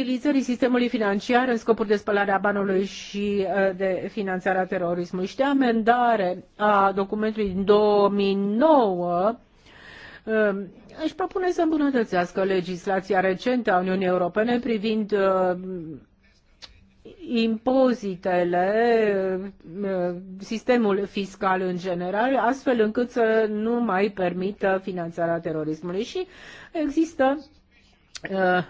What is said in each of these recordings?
utilizării sistemului financiar în scopuri de spălare a banului și uh, de finanțarea terorismului și de amendare a documentului din 2009 um, își propune să îmbunătățească legislația recentă a Uniunii Europene privind uh, impozitele, uh, sistemul fiscal în general, astfel încât să nu mai permită finanțarea terorismului. Și există Uh,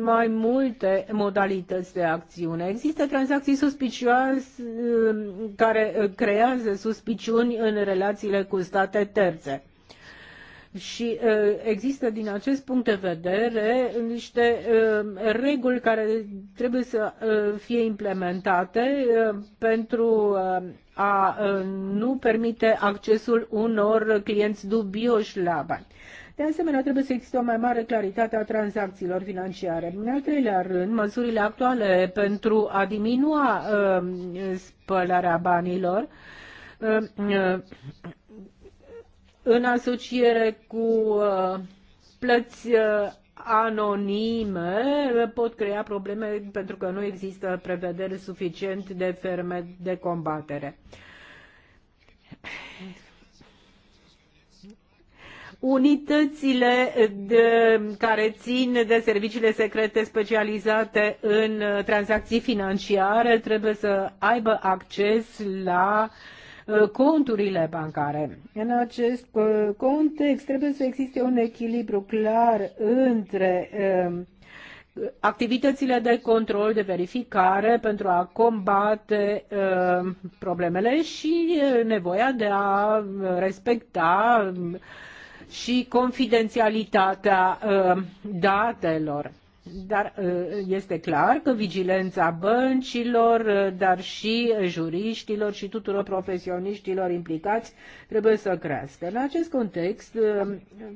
mai multe modalități de acțiune. Există tranzacții suspicioase uh, care uh, creează suspiciuni în relațiile cu state terțe. Și există din acest punct de vedere niște reguli care trebuie să fie implementate pentru a nu permite accesul unor clienți dubioși la bani. De asemenea, trebuie să existe o mai mare claritate a tranzacțiilor financiare. În al treilea rând, măsurile actuale pentru a diminua uh, spălarea banilor uh, uh, în asociere cu uh, plăți uh, anonime uh, pot crea probleme pentru că nu există prevederi suficient de ferme de combatere unitățile de, care țin de serviciile secrete specializate în uh, tranzacții financiare trebuie să aibă acces la uh, conturile bancare. În acest uh, context trebuie să existe un echilibru clar între um, activitățile de control, de verificare pentru a combate um, problemele și nevoia de a respecta um, și confidențialitatea ă, datelor. Dar ă, este clar că vigilența băncilor, ă, dar și juriștilor și tuturor profesioniștilor implicați trebuie să crească. În acest context,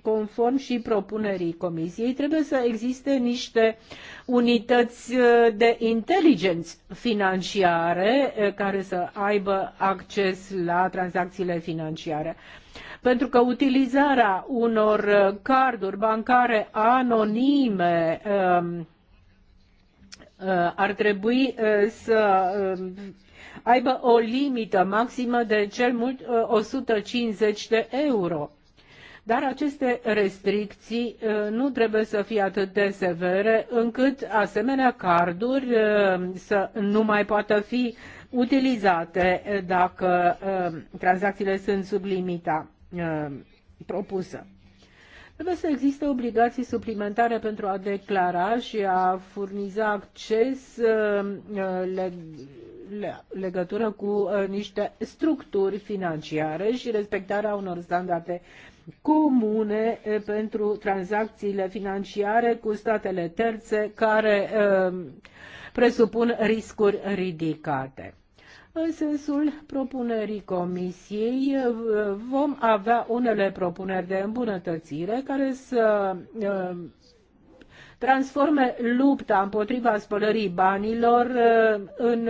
conform și propunerii Comisiei, trebuie să existe niște unități de inteligență financiare care să aibă acces la tranzacțiile financiare. Pentru că utilizarea unor uh, carduri bancare anonime um, uh, ar trebui uh, să um, aibă o limită maximă de cel mult 150 de euro. Dar aceste restricții nu trebuie să fie atât de severe încât asemenea carduri să nu mai poată fi utilizate eh, dacă eh, tranzacțiile sunt sub limita eh, propusă. Trebuie să existe obligații suplimentare pentru a declara și a furniza acces legătură cu niște structuri financiare și respectarea unor standarde comune pentru tranzacțiile financiare cu statele terțe care presupun riscuri ridicate. În sensul propunerii comisiei vom avea unele propuneri de îmbunătățire care să uh, transforme lupta împotriva spălării banilor uh, în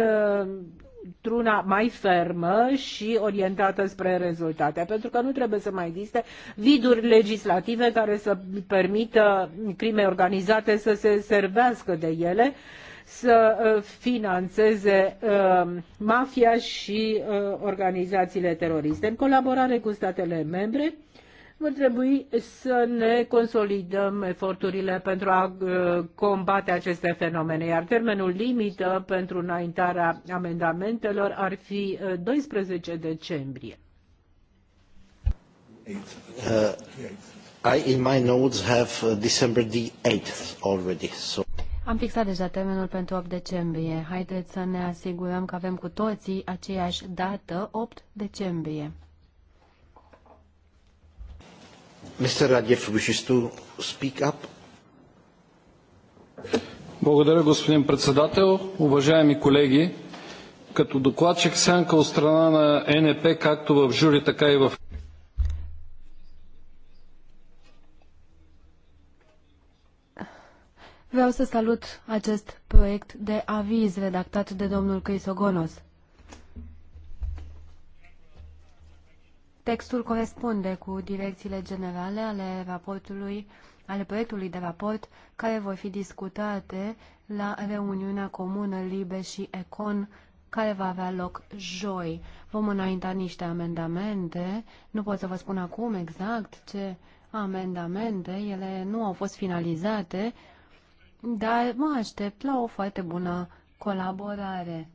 truna uh, mai fermă și orientată spre rezultate, pentru că nu trebuie să mai existe viduri legislative care să permită crime organizate să se servească de ele să uh, financeze uh, mafia și uh, organizațiile teroriste. În colaborare cu statele membre, va trebui să ne consolidăm eforturile pentru a combate aceste fenomene, iar termenul limită pentru înaintarea amendamentelor ar fi 12 decembrie. Uh, I in my notes have December the 8th already, so am fixat deja termenul pentru 8 decembrie. Haideți să ne asigurăm că avem cu toții aceeași dată, 8 decembrie. Mr. Radiev, wishes to speak up. Благодаря, господин председател. Уважаеми колеги, като докладчик сянка от страна на НП, както в жюри, така и в Vreau să salut acest proiect de aviz redactat de domnul Crisogonos. Textul corespunde cu direcțiile generale ale raportului, ale proiectului de raport care vor fi discutate la reuniunea comună Libe și Econ care va avea loc joi. Vom înainta niște amendamente, nu pot să vă spun acum exact ce amendamente, ele nu au fost finalizate, dar mă aștept la o foarte bună colaborare.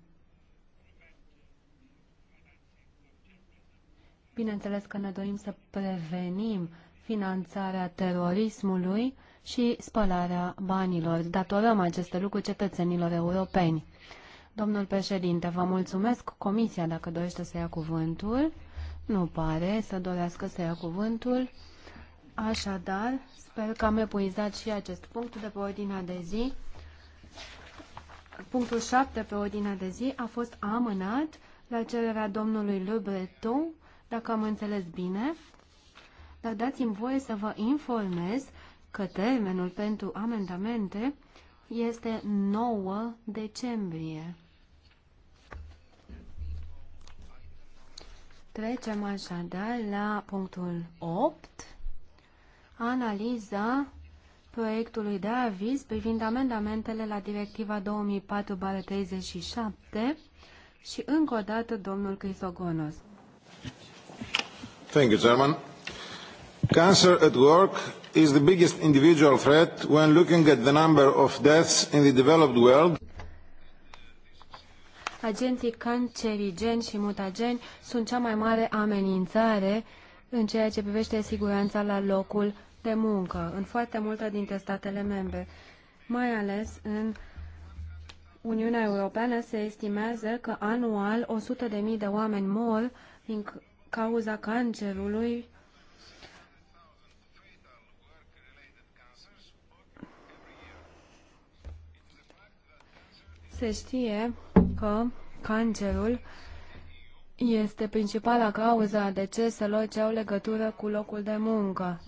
Bineînțeles că ne dorim să prevenim finanțarea terorismului și spălarea banilor. Datorăm aceste lucruri cetățenilor europeni. Domnul președinte, vă mulțumesc. Comisia, dacă dorește să ia cuvântul, nu pare să dorească să ia cuvântul. Așadar, sper că am epuizat și acest punct de pe ordinea de zi. Punctul 7 pe ordinea de zi a fost amânat la cererea domnului Le Breton, dacă am înțeles bine, dar dați-mi voie să vă informez că termenul pentru amendamente este 9 decembrie. Trecem așadar la punctul 8 analiza proiectului de aviz privind amendamentele la Directiva 2004-37 și încă o dată domnul Crisogonos. Thank you, Chairman. Cancer at work is the biggest individual threat when looking at the number of deaths in the developed world. Agenții cancerigeni și mutageni sunt cea mai mare amenințare în ceea ce privește siguranța la locul de muncă în foarte multe dintre statele membre, mai ales în Uniunea Europeană se estimează că anual 100.000 de oameni mor din cauza cancerului Se știe că cancerul este principala cauza deceselor ce au legătură cu locul de muncă.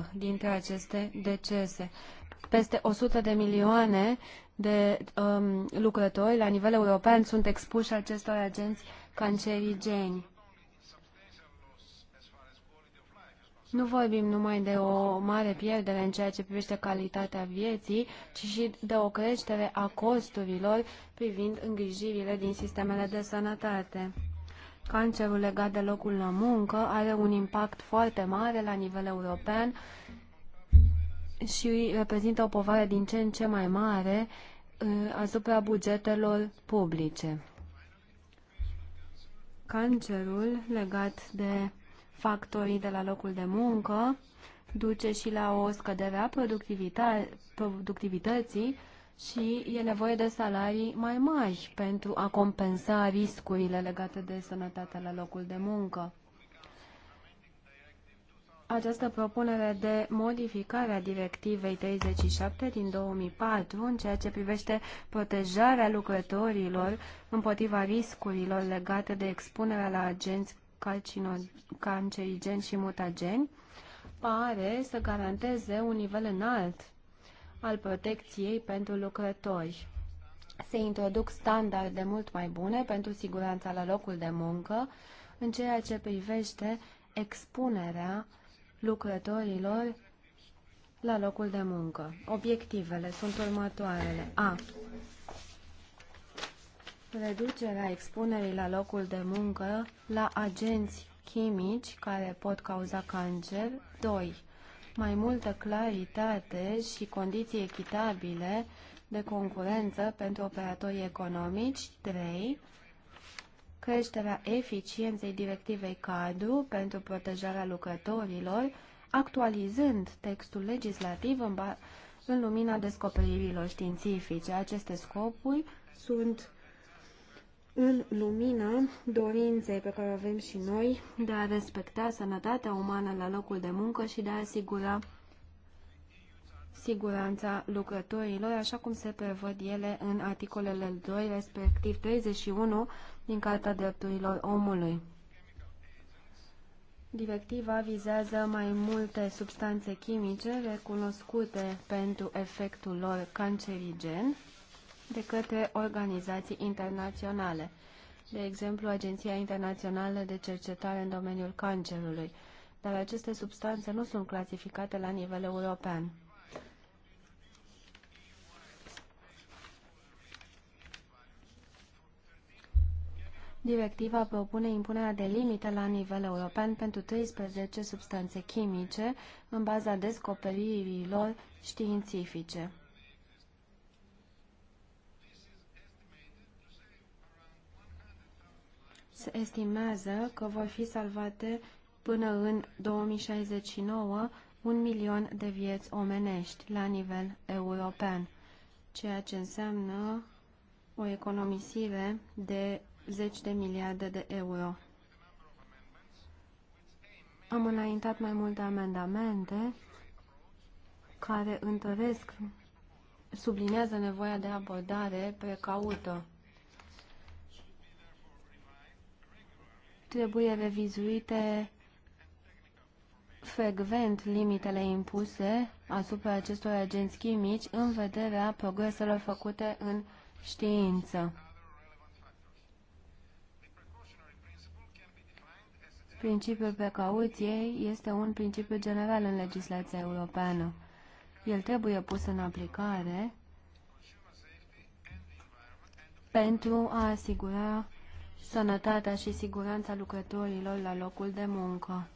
3% dintre aceste decese. Peste 100 de milioane de um, lucrători la nivel european sunt expuși acestor agenți cancerigeni. Nu vorbim numai de o mare pierdere în ceea ce privește calitatea vieții, ci și de o creștere a costurilor privind îngrijirile din sistemele de sănătate. Cancerul legat de locul la muncă are un impact foarte mare la nivel european și reprezintă o povară din ce în ce mai mare ă, asupra bugetelor publice. Cancerul legat de factorii de la locul de muncă, duce și la o scădere a productivității și e nevoie de salarii mai mari pentru a compensa riscurile legate de sănătatea la locul de muncă. Această propunere de modificare a Directivei 37 din 2004 în ceea ce privește protejarea lucrătorilor împotriva riscurilor legate de expunerea la agenți cancerigeni și mutageni pare să garanteze un nivel înalt al protecției pentru lucrători. Se introduc standarde mult mai bune pentru siguranța la locul de muncă în ceea ce privește expunerea lucrătorilor la locul de muncă. Obiectivele sunt următoarele. A reducerea expunerii la locul de muncă la agenți chimici care pot cauza cancer. 2. Mai multă claritate și condiții echitabile de concurență pentru operatorii economici. 3. Creșterea eficienței directivei cadru pentru protejarea lucrătorilor, actualizând textul legislativ în, în lumina descoperirilor științifice. Aceste scopuri sunt în lumina dorinței pe care o avem și noi de a respecta sănătatea umană la locul de muncă și de a asigura siguranța lucrătorilor, așa cum se prevăd ele în articolele 2, respectiv 31 din Carta Drepturilor Omului. Directiva vizează mai multe substanțe chimice recunoscute pentru efectul lor cancerigen, de către organizații internaționale, de exemplu Agenția Internațională de Cercetare în domeniul cancerului, dar aceste substanțe nu sunt clasificate la nivel european. Directiva propune impunerea de limite la nivel european pentru 13 substanțe chimice în baza descoperirilor științifice. se estimează că vor fi salvate până în 2069 un milion de vieți omenești la nivel european, ceea ce înseamnă o economisire de 10 de miliarde de euro. Am înaintat mai multe amendamente care întăresc, sublinează nevoia de abordare precaută Trebuie revizuite frecvent limitele impuse asupra acestor agenți chimici în vederea progreselor făcute în știință. Principiul precauției este un principiu general în legislația europeană. El trebuie pus în aplicare pentru a asigura sănătatea și siguranța lucrătorilor la locul de muncă.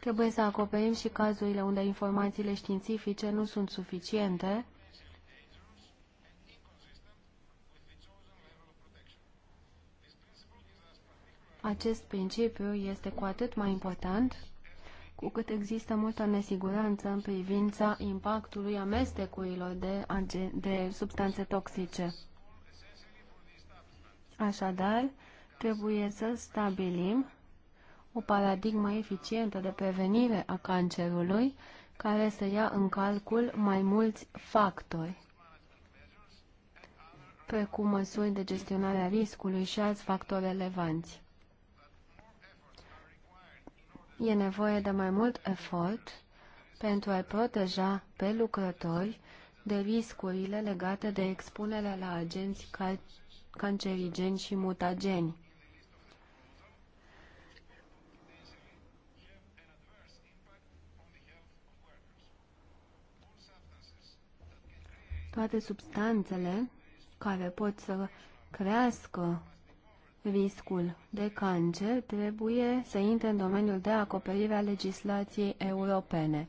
Trebuie să acoperim și cazurile unde informațiile științifice nu sunt suficiente Acest principiu este cu atât mai important cu cât există multă nesiguranță în privința impactului amestecurilor de, de substanțe toxice. Așadar, trebuie să stabilim o paradigmă eficientă de prevenire a cancerului care să ia în calcul mai mulți factori, precum măsuri de gestionare a riscului și alți factori relevanți. E nevoie de mai mult efort pentru a-i proteja pe lucrători de riscurile legate de expunerea la agenți ca cancerigeni și mutageni. Toate substanțele care pot să crească riscul de cancer trebuie să intre în domeniul de acoperire a legislației europene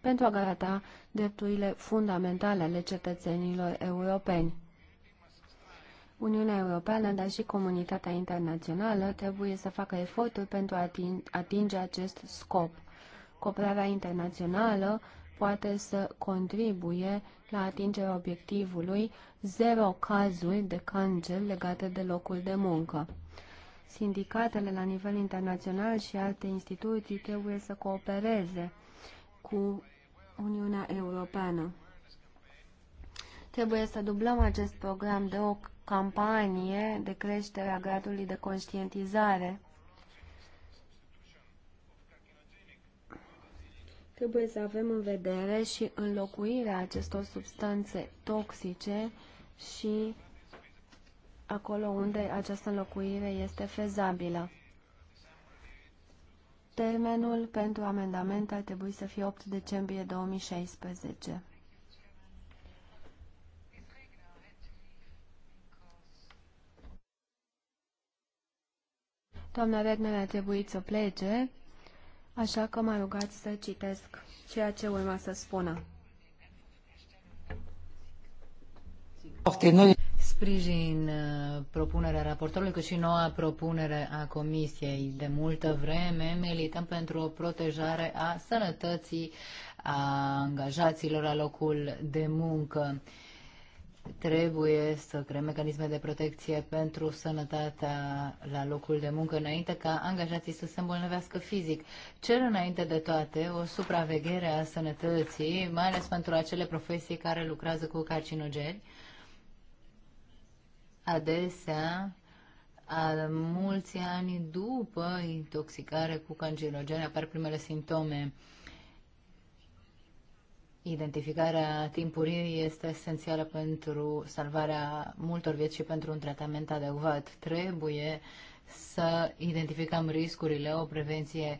pentru a garanta drepturile fundamentale ale cetățenilor europeni. Uniunea Europeană, dar și comunitatea internațională trebuie să facă eforturi pentru a atinge acest scop. Cooperarea internațională poate să contribuie la atingerea obiectivului zero cazuri de cancer legate de locul de muncă. Sindicatele la nivel internațional și alte instituții trebuie să coopereze cu Uniunea Europeană. Trebuie să dublăm acest program de o campanie de creștere a gradului de conștientizare Trebuie să avem în vedere și înlocuirea acestor substanțe toxice și acolo unde această înlocuire este fezabilă. Termenul pentru amendament ar trebui să fie 8 decembrie 2016. Doamna Redner a trebuit să plece, așa că m-a rugat să citesc ceea ce urma să spună. Sprijin uh, propunerea raportorului, cât și noua propunere a Comisiei. De multă vreme milităm pentru o protejare a sănătății, a angajaților la locul de muncă. Trebuie să creăm mecanisme de protecție pentru sănătatea la locul de muncă înainte ca angajații să se îmbolnăvească fizic. Cer înainte de toate o supraveghere a sănătății, mai ales pentru acele profesii care lucrează cu carcinogeni. Adesea, a mulți ani după intoxicare cu carcinogeni, apar primele simptome Identificarea timpurii este esențială pentru salvarea multor vieți și pentru un tratament adecvat. Trebuie să identificăm riscurile, o prevenție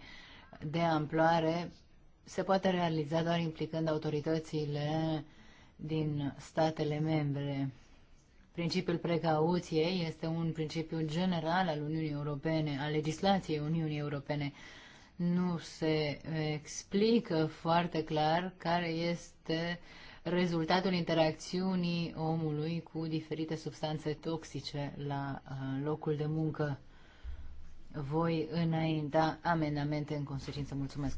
de amploare se poate realiza doar implicând autoritățile din statele membre. Principiul precauției este un principiu general al Uniunii Europene, al legislației Uniunii Europene nu se explică foarte clar care este rezultatul interacțiunii omului cu diferite substanțe toxice la uh, locul de muncă. Voi înainta amendamente în consecință. Mulțumesc.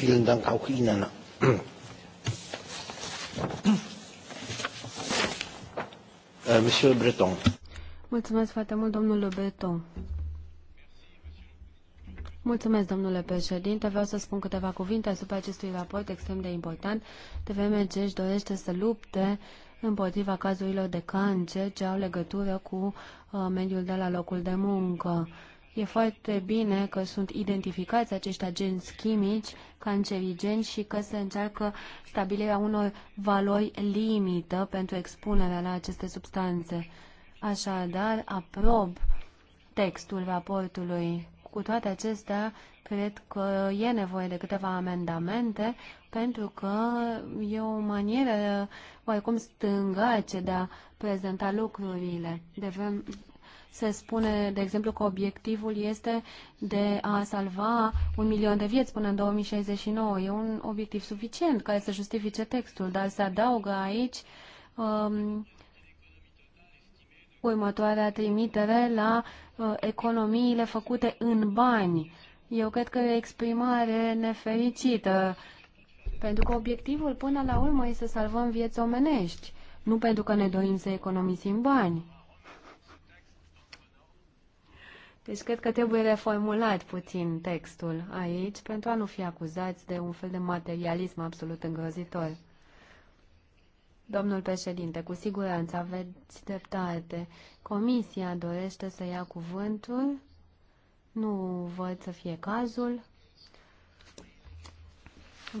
Vielen Dank auch Ihnen. Äh, Monsieur Breton. Mulțumesc foarte mult, domnule Breton. Mulțumesc, domnule președinte. Vreau să spun câteva cuvinte asupra acestui raport extrem de important. TVMG își dorește să lupte împotriva cazurilor de cancer ce au legătură cu uh, mediul de la locul de muncă. E foarte bine că sunt identificați acești agenți chimici cancerigeni și că se încearcă stabilirea unor valori limită pentru expunerea la aceste substanțe. Așadar, aprob textul raportului cu toate acestea, cred că e nevoie de câteva amendamente, pentru că e o manieră oarecum stângace de a prezenta lucrurile. Devem, se spune, de exemplu, că obiectivul este de a salva un milion de vieți până în 2069. E un obiectiv suficient care să justifice textul, dar se adaugă aici um, următoarea trimitere la uh, economiile făcute în bani. Eu cred că e o exprimare nefericită, pentru că obiectivul până la urmă este să salvăm vieți omenești, nu pentru că ne dorim să economisim bani. Deci cred că trebuie reformulat puțin textul aici pentru a nu fi acuzați de un fel de materialism absolut îngrozitor. Domnul președinte, cu siguranță aveți dreptate. Comisia dorește să ia cuvântul. Nu văd să fie cazul.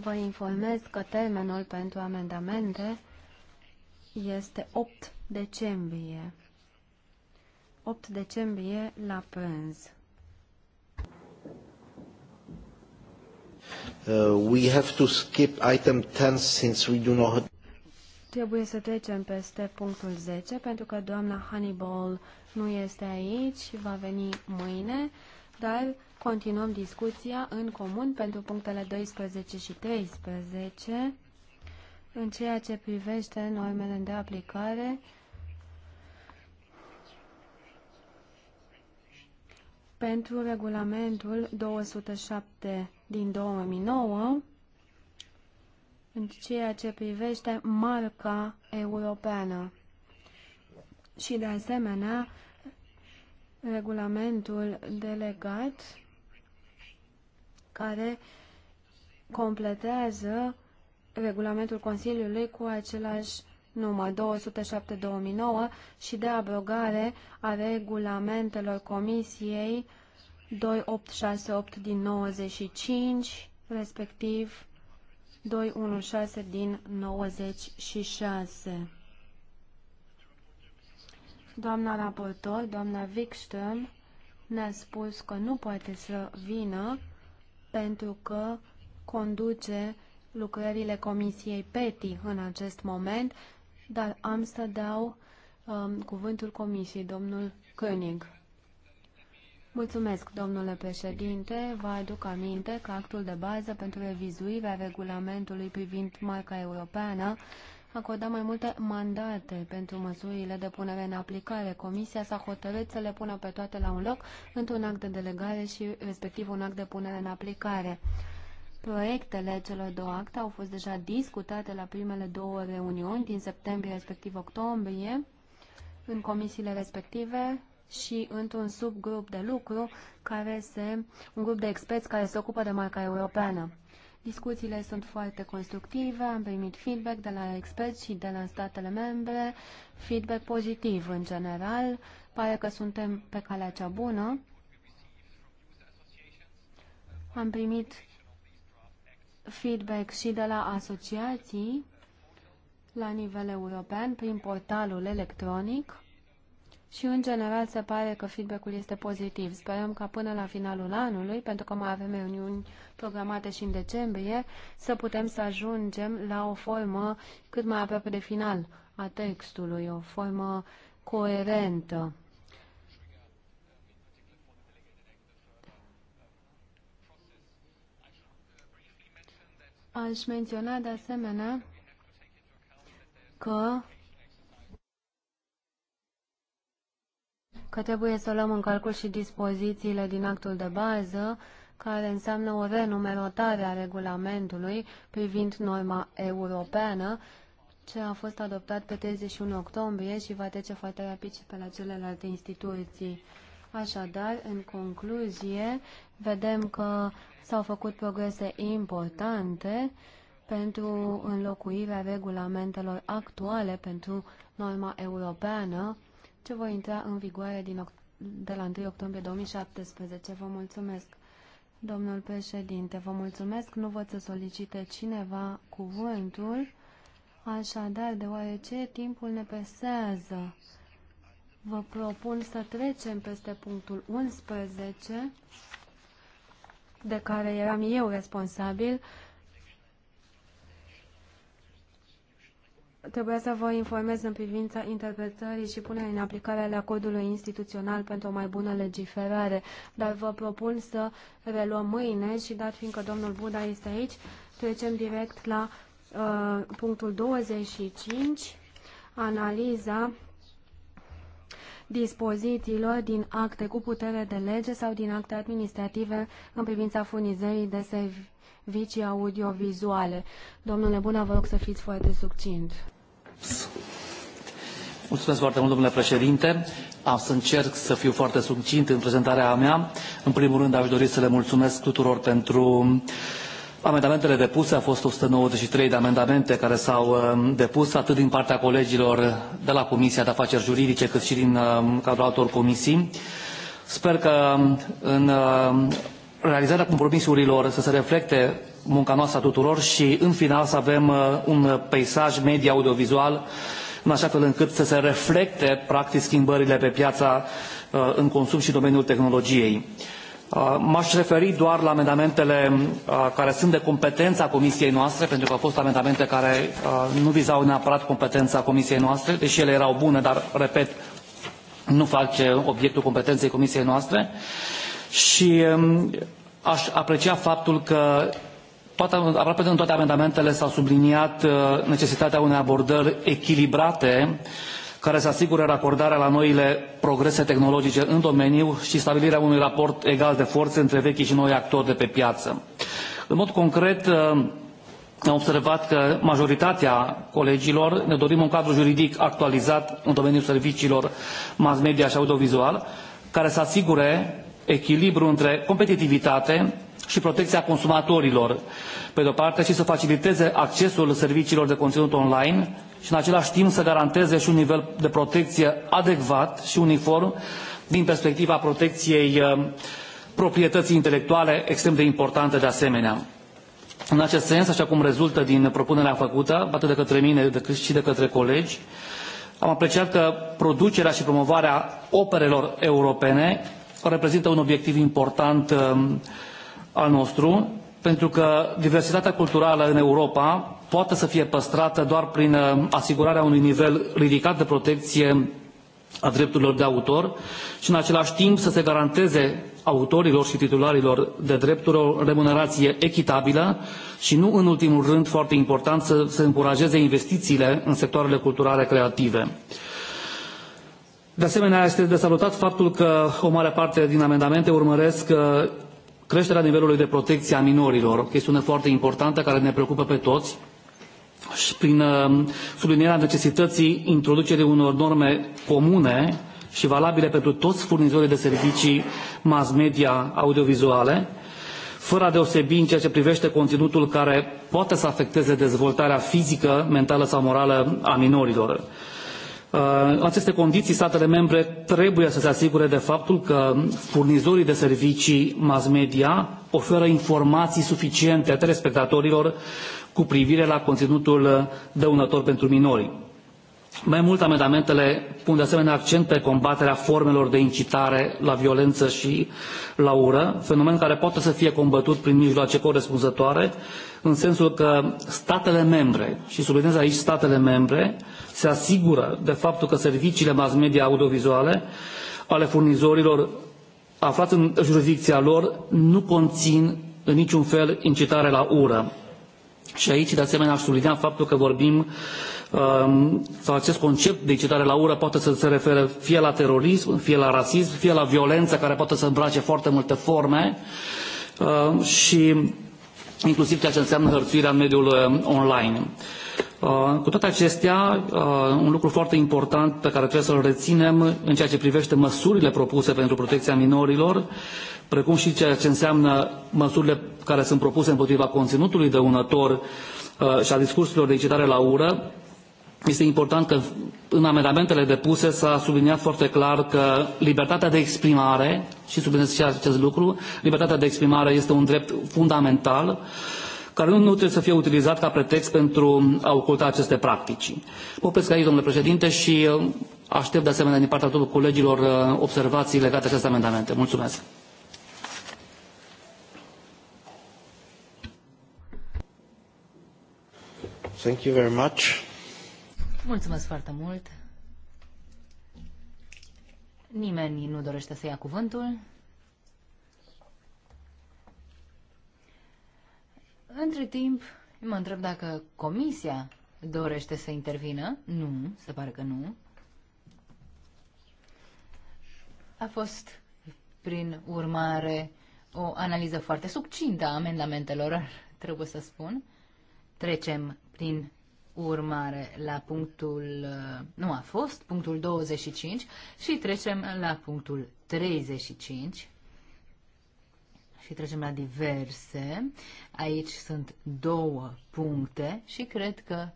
Vă informez că termenul pentru amendamente este 8 decembrie. 8 decembrie la prânz. Uh, we have to skip item 10 since we do not Trebuie să trecem peste punctul 10, pentru că doamna Hannibal nu este aici, va veni mâine, dar continuăm discuția în comun pentru punctele 12 și 13 în ceea ce privește normele de aplicare pentru regulamentul 207 din 2009 în ceea ce privește marca europeană. Și, de asemenea, regulamentul delegat care completează regulamentul Consiliului cu același număr 207-2009 și de abrogare a regulamentelor Comisiei 2868 din 95, respectiv 216 din 96. Doamna raportor, doamna Wikström, ne-a spus că nu poate să vină pentru că conduce lucrările Comisiei PETI în acest moment, dar am să dau um, cuvântul Comisiei, domnul König. Mulțumesc, domnule președinte. Vă aduc aminte că actul de bază pentru revizuirea regulamentului privind marca europeană acorda mai multe mandate pentru măsurile de punere în aplicare. Comisia s-a hotărât să le pună pe toate la un loc într-un act de delegare și respectiv un act de punere în aplicare. Proiectele celor două acte au fost deja discutate la primele două reuniuni din septembrie respectiv octombrie în comisiile respective și într-un subgrup de lucru, care se, un grup de experți care se ocupă de marca europeană. Discuțiile sunt foarte constructive, am primit feedback de la experți și de la statele membre, feedback pozitiv în general, pare că suntem pe calea cea bună. Am primit feedback și de la asociații la nivel european prin portalul electronic și, în general, se pare că feedback-ul este pozitiv. Sperăm ca până la finalul anului, pentru că mai avem reuniuni programate și în decembrie, să putem să ajungem la o formă cât mai aproape de final a textului, o formă coerentă. Aș menționa de asemenea că că trebuie să luăm în calcul și dispozițiile din actul de bază, care înseamnă o renumerotare a regulamentului privind norma europeană, ce a fost adoptat pe 31 octombrie și va trece foarte rapid și pe la celelalte instituții. Așadar, în concluzie, vedem că s-au făcut progrese importante pentru înlocuirea regulamentelor actuale pentru norma europeană ce voi intra în vigoare din, de la 1 octombrie 2017. Vă mulțumesc, domnul președinte, vă mulțumesc. Nu văd să solicite cineva cuvântul, așadar, deoarece timpul ne pesează. Vă propun să trecem peste punctul 11, de care eram eu responsabil, Trebuie să vă informez în privința interpretării și punerii în aplicare ale acordului instituțional pentru o mai bună legiferare, dar vă propun să reluăm mâine și dat fiindcă domnul Buda este aici, trecem direct la uh, punctul 25, analiza dispozițiilor din acte cu putere de lege sau din acte administrative în privința furnizării de servicii audiovizuale. Domnule Buna, vă rog să fiți foarte succint. Mulțumesc foarte mult, domnule președinte. Am să încerc să fiu foarte succint în prezentarea mea. În primul rând, aș dori să le mulțumesc tuturor pentru amendamentele depuse. Au fost 193 de amendamente care s-au um, depus, atât din partea colegilor de la Comisia de Afaceri Juridice, cât și din um, cadrul altor comisii. Sper că um, în realizarea compromisurilor să se reflecte munca noastră a tuturor și în final să avem uh, un peisaj media audiovizual în așa fel încât să se reflecte practic schimbările pe piața uh, în consum și domeniul tehnologiei. Uh, m-aș referi doar la amendamentele care sunt de competența comisiei noastre, pentru că au fost amendamente care nu vizau neapărat competența comisiei noastre, deși ele erau bune, dar, repet, nu face obiectul competenței comisiei noastre. Și um, aș aprecia faptul că toate, aproape în toate amendamentele s-a subliniat uh, necesitatea unei abordări echilibrate care să asigure racordarea la noile progrese tehnologice în domeniu și stabilirea unui raport egal de forțe între vechii și noi actori de pe piață. În mod concret, uh, am observat că majoritatea colegilor ne dorim un cadru juridic actualizat în domeniul serviciilor mass media și audiovizual, care să asigure echilibru între competitivitate, și protecția consumatorilor, pe de-o parte, și să faciliteze accesul serviciilor de conținut online și, în același timp, să garanteze și un nivel de protecție adecvat și uniform din perspectiva protecției uh, proprietății intelectuale, extrem de importantă de asemenea. În acest sens, așa cum rezultă din propunerea făcută, atât de către mine cât și de către colegi, am apreciat că producerea și promovarea operelor europene reprezintă un obiectiv important uh, al nostru, pentru că diversitatea culturală în Europa poate să fie păstrată doar prin uh, asigurarea unui nivel ridicat de protecție a drepturilor de autor și în același timp să se garanteze autorilor și titularilor de drepturi o remunerație echitabilă și nu în ultimul rând foarte important să se încurajeze investițiile în sectoarele culturale creative. De asemenea, este de salutat faptul că o mare parte din amendamente urmăresc uh, creșterea nivelului de protecție a minorilor, o chestiune foarte importantă care ne preocupă pe toți, și prin uh, sublinierea necesității introducerii unor norme comune și valabile pentru toți furnizorii de servicii mass media audiovizuale, fără a deosebi în ceea ce privește conținutul care poate să afecteze dezvoltarea fizică, mentală sau morală a minorilor. În uh, aceste condiții, statele membre trebuie să se asigure de faptul că furnizorii de servicii mass media oferă informații suficiente telespectatorilor cu privire la conținutul dăunător pentru minori. Mai mult, amendamentele pun de asemenea accent pe combaterea formelor de incitare la violență și la ură, fenomen care poate să fie combătut prin mijloace corespunzătoare, în sensul că statele membre, și subliniez aici statele membre, se asigură de faptul că serviciile mass media audiovizuale ale furnizorilor aflați în jurisdicția lor nu conțin în niciun fel incitare la ură. Și aici, de asemenea, aș sublinia faptul că vorbim um, sau acest concept de incitare la ură poate să se refere fie la terorism, fie la rasism, fie la violență care poate să îmbrace foarte multe forme uh, și inclusiv ceea ce înseamnă hărțuirea în mediul um, online. Uh, cu toate acestea, uh, un lucru foarte important pe care trebuie să-l reținem în ceea ce privește măsurile propuse pentru protecția minorilor, precum și ceea ce înseamnă măsurile care sunt propuse împotriva conținutului dăunător uh, și a discursurilor de incitare la ură, este important că în amendamentele depuse s-a subliniat foarte clar că libertatea de exprimare, și subliniez și acest lucru, libertatea de exprimare este un drept fundamental uh, care nu, trebuie să fie utilizat ca pretext pentru a oculta aceste practici. Mă opresc aici, domnule președinte, și uh, aștept de asemenea din partea tuturor colegilor uh, observații legate de aceste amendamente. Mulțumesc! Thank you very much. Mulțumesc foarte mult. Nimeni nu dorește să ia cuvântul. Între timp, mă întreb dacă comisia dorește să intervină. Nu, se pare că nu. A fost, prin urmare, o analiză foarte succintă a amendamentelor, trebuie să spun. Trecem, prin urmare, la punctul, uh, nu a fost, punctul 25 și trecem la punctul 35 și trecem la diverse. Aici sunt două puncte și cred că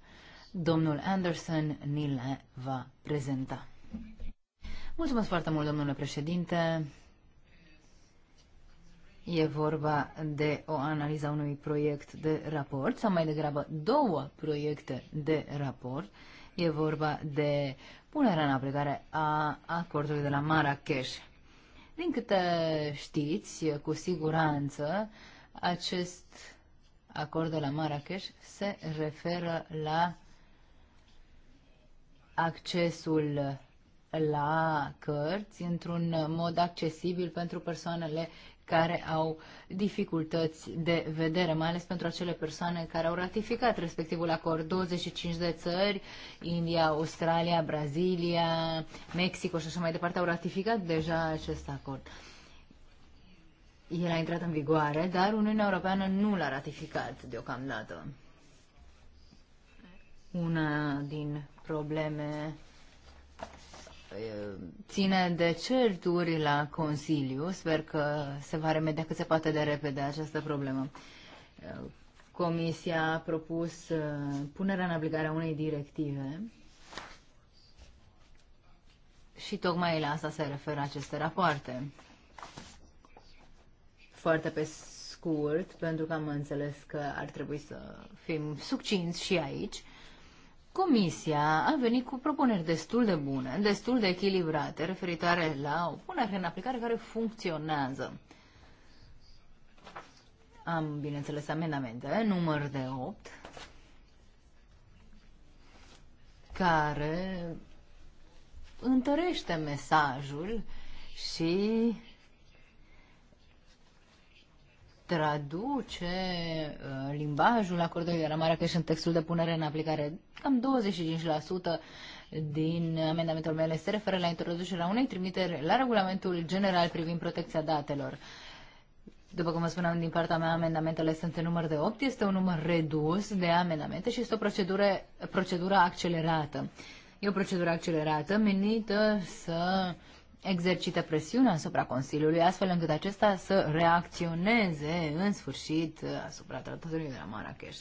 domnul Anderson ni le va prezenta. Mulțumesc foarte mult, domnule președinte. E vorba de o analiză a unui proiect de raport, sau mai degrabă două proiecte de raport. E vorba de punerea în aplicare a acordului de la Marrakesh. Din câte știți, cu siguranță, acest acord de la Marrakesh se referă la accesul la cărți într-un mod accesibil pentru persoanele care au dificultăți de vedere, mai ales pentru acele persoane care au ratificat respectivul acord. 25 de țări, India, Australia, Brazilia, Mexico și așa mai departe, au ratificat deja acest acord. El a intrat în vigoare, dar Uniunea Europeană nu l-a ratificat deocamdată. Una din probleme ține de certuri la Consiliu. Sper că se va remedia cât se poate de repede această problemă. Comisia a propus uh, punerea în aplicare a unei directive și tocmai la asta se referă aceste rapoarte. Foarte pe scurt, pentru că am înțeles că ar trebui să fim succinți și aici. Comisia a venit cu propuneri destul de bune, destul de echilibrate, referitoare la o punere în aplicare care funcționează. Am, bineînțeles, amendamente, număr de 8, care întărește mesajul și traduce uh, limbajul acordului de la Marrakesh în textul de punere în aplicare. Cam 25% din amendamentele mele se referă la introducerea unei trimiteri la regulamentul general privind protecția datelor. După cum vă spuneam, din partea mea, amendamentele sunt în număr de 8, este un număr redus de amendamente și este o procedură, procedură accelerată. E o procedură accelerată menită să uh, exercită presiunea asupra Consiliului, astfel încât acesta să reacționeze în sfârșit asupra tratatului de la Marrakesh.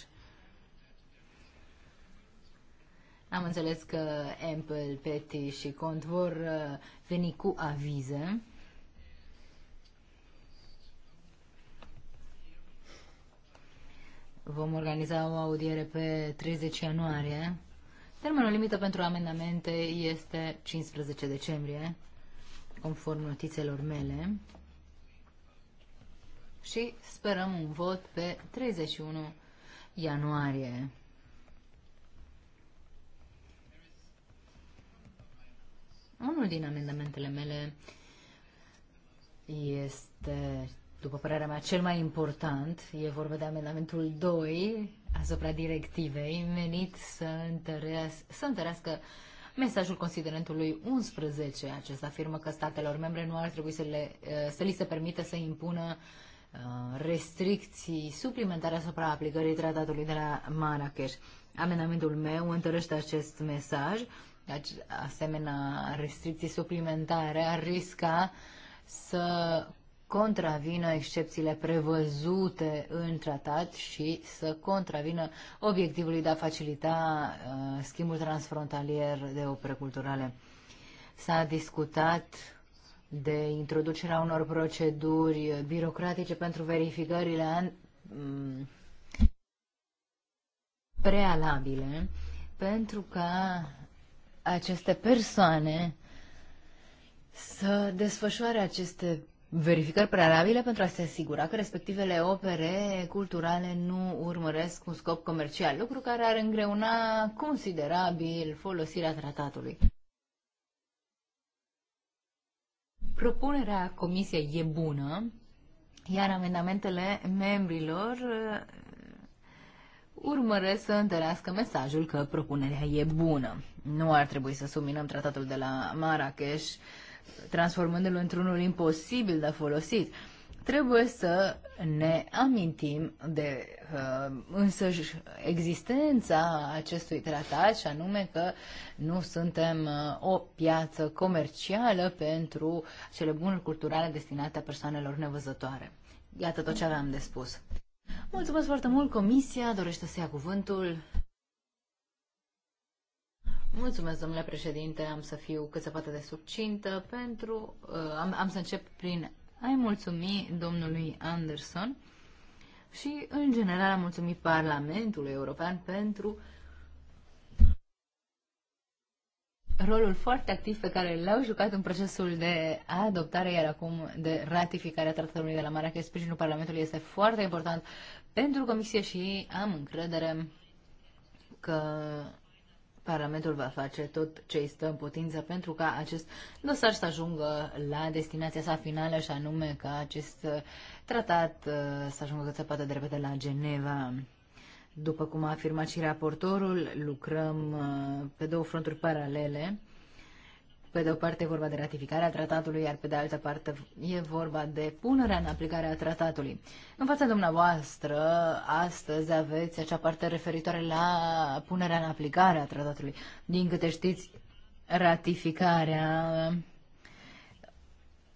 Am înțeles că Ample, Petty și Cont vor uh, veni cu avize. Vom organiza o audiere pe 30 ianuarie. Termenul limită pentru amendamente este 15 decembrie conform notițelor mele, și sperăm un vot pe 31 ianuarie. Unul din amendamentele mele este, după părerea mea, cel mai important. E vorba de amendamentul 2 asupra directivei menit să, întărească, să întărească mesajul considerentului 11. Acesta afirmă că statelor membre nu ar trebui să, le, eh, să li se permită să impună eh, restricții suplimentare asupra aplicării tratatului de la Marrakesh. Amendamentul meu întărește acest mesaj. Asemenea, restricții suplimentare ar risca să contravină excepțiile prevăzute în tratat și să contravină obiectivului de a facilita uh, schimbul transfrontalier de opere culturale. S-a discutat de introducerea unor proceduri birocratice pentru verificările an, mm, prealabile pentru ca aceste persoane să desfășoare aceste verificări prealabile pentru a se asigura că respectivele opere culturale nu urmăresc un scop comercial, lucru care ar îngreuna considerabil folosirea tratatului. Propunerea comisiei e bună, iar amendamentele membrilor uh, urmăresc să întărească mesajul că propunerea e bună. Nu ar trebui să subminăm tratatul de la Marrakesh, transformându-l într-unul imposibil de folosit. Trebuie să ne amintim de uh, însăși existența acestui tratat și anume că nu suntem uh, o piață comercială pentru cele bunuri culturale destinate a persoanelor nevăzătoare. Iată tot ce aveam de spus. Mulțumesc foarte mult. Comisia dorește să ia cuvântul. Mulțumesc, domnule președinte, am să fiu cât se poate de succintă pentru... Uh, am, am să încep prin ai mulțumi domnului Anderson și, în general, am mulțumit Parlamentului European pentru rolul foarte activ pe care l-au jucat în procesul de adoptare, iar acum de ratificare a tratatului de la Marrakech. Sprijinul Parlamentului este foarte important pentru Comisie și am încredere că Parlamentul va face tot ce îi stă în putință pentru ca acest dosar să ajungă la destinația sa finală și anume ca acest uh, tratat uh, să ajungă cât se poate de repede la Geneva. După cum a afirmat și raportorul, lucrăm uh, pe două fronturi paralele pe de o parte e vorba de ratificarea tratatului, iar pe de altă parte e vorba de punerea în aplicare a tratatului. În fața dumneavoastră, astăzi aveți acea parte referitoare la punerea în aplicare a tratatului. Din câte știți, ratificarea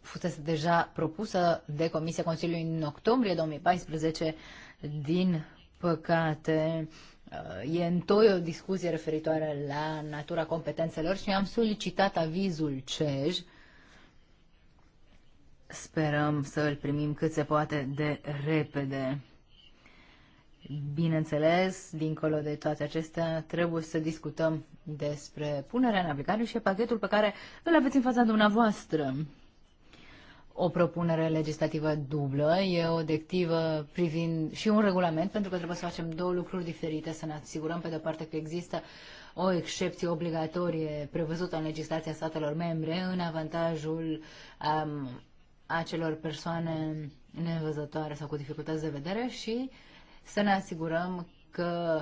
fusese deja propusă de Comisia Consiliului în octombrie 2014, din păcate, Uh, e întoi o discuție referitoare la natura competențelor și am solicitat avizul CEJ. Sperăm să îl primim cât se poate de repede. Bineînțeles, dincolo de toate acestea, trebuie să discutăm despre punerea în aplicare și pachetul pe care îl aveți în fața dumneavoastră o propunere legislativă dublă, e o directivă privind și un regulament, pentru că trebuie să facem două lucruri diferite, să ne asigurăm pe de-o parte că există o excepție obligatorie prevăzută în legislația statelor membre în avantajul um, acelor persoane nevăzătoare sau cu dificultăți de vedere și să ne asigurăm că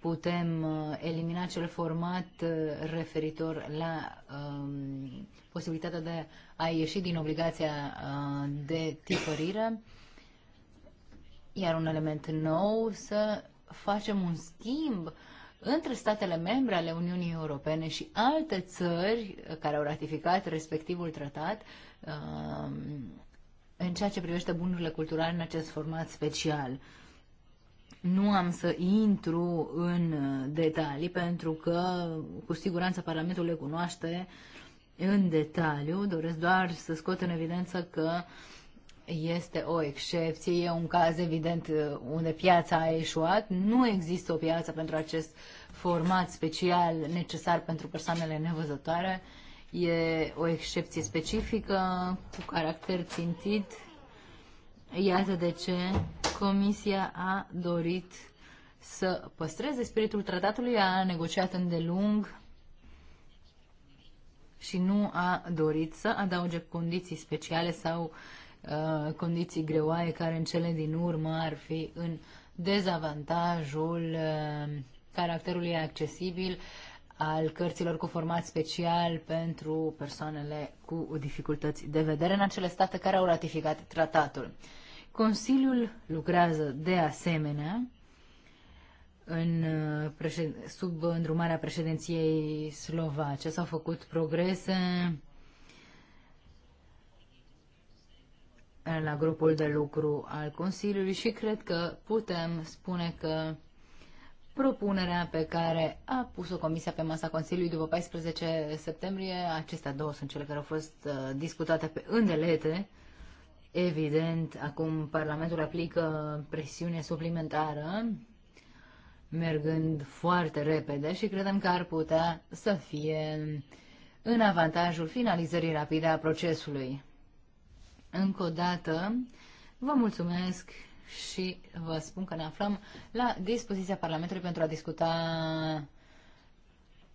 putem uh, elimina cel format uh, referitor la um, posibilitatea de a ieși din obligația uh, de tipărire, iar un element nou să facem un schimb între statele membre ale Uniunii Europene și alte țări care au ratificat respectivul tratat um, în ceea ce privește bunurile culturale în acest format special. Nu am să intru în uh, detalii pentru că cu siguranță Parlamentul le cunoaște în detaliu. Doresc doar să scot în evidență că este o excepție, e un caz evident uh, unde piața a eșuat. Nu există o piață pentru acest format special necesar pentru persoanele nevăzătoare. E o excepție specifică cu caracter țintit Iată de ce Comisia a dorit să păstreze spiritul tratatului, a negociat îndelung și nu a dorit să adauge condiții speciale sau uh, condiții greoaie care în cele din urmă ar fi în dezavantajul uh, caracterului accesibil al cărților cu format special pentru persoanele cu dificultăți de vedere în acele state care au ratificat tratatul. Consiliul lucrează de asemenea în, uh, sub îndrumarea președinției slovace. S-au făcut progrese la grupul de lucru al Consiliului și cred că putem spune că propunerea pe care a pus-o Comisia pe masa Consiliului după 14 septembrie, acestea două sunt cele care au fost uh, discutate pe îndelete, Evident, acum Parlamentul aplică presiune suplimentară, mergând foarte repede și credem că ar putea să fie în avantajul finalizării rapide a procesului. Încă o dată, vă mulțumesc și vă spun că ne aflăm la dispoziția Parlamentului pentru a discuta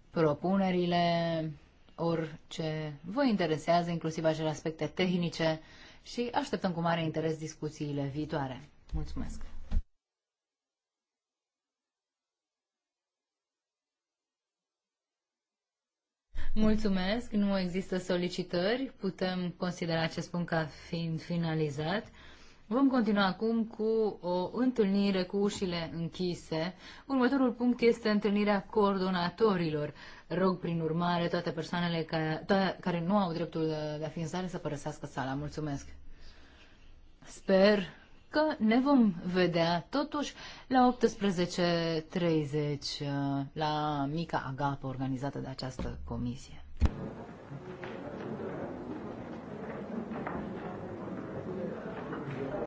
propunerile, orice vă interesează, inclusiv acele aspecte tehnice și așteptăm cu mare interes discuțiile viitoare. Mulțumesc! Mulțumesc, nu există solicitări, putem considera acest punct ca fiind finalizat. Vom continua acum cu o întâlnire cu ușile închise. Următorul punct este întâlnirea coordonatorilor. Rog, prin urmare, toate persoanele care, toate, care nu au dreptul de a fi în sală să părăsească sala. Mulțumesc! Sper că ne vom vedea totuși la 18.30 uh, la mica agapă organizată de această comisie.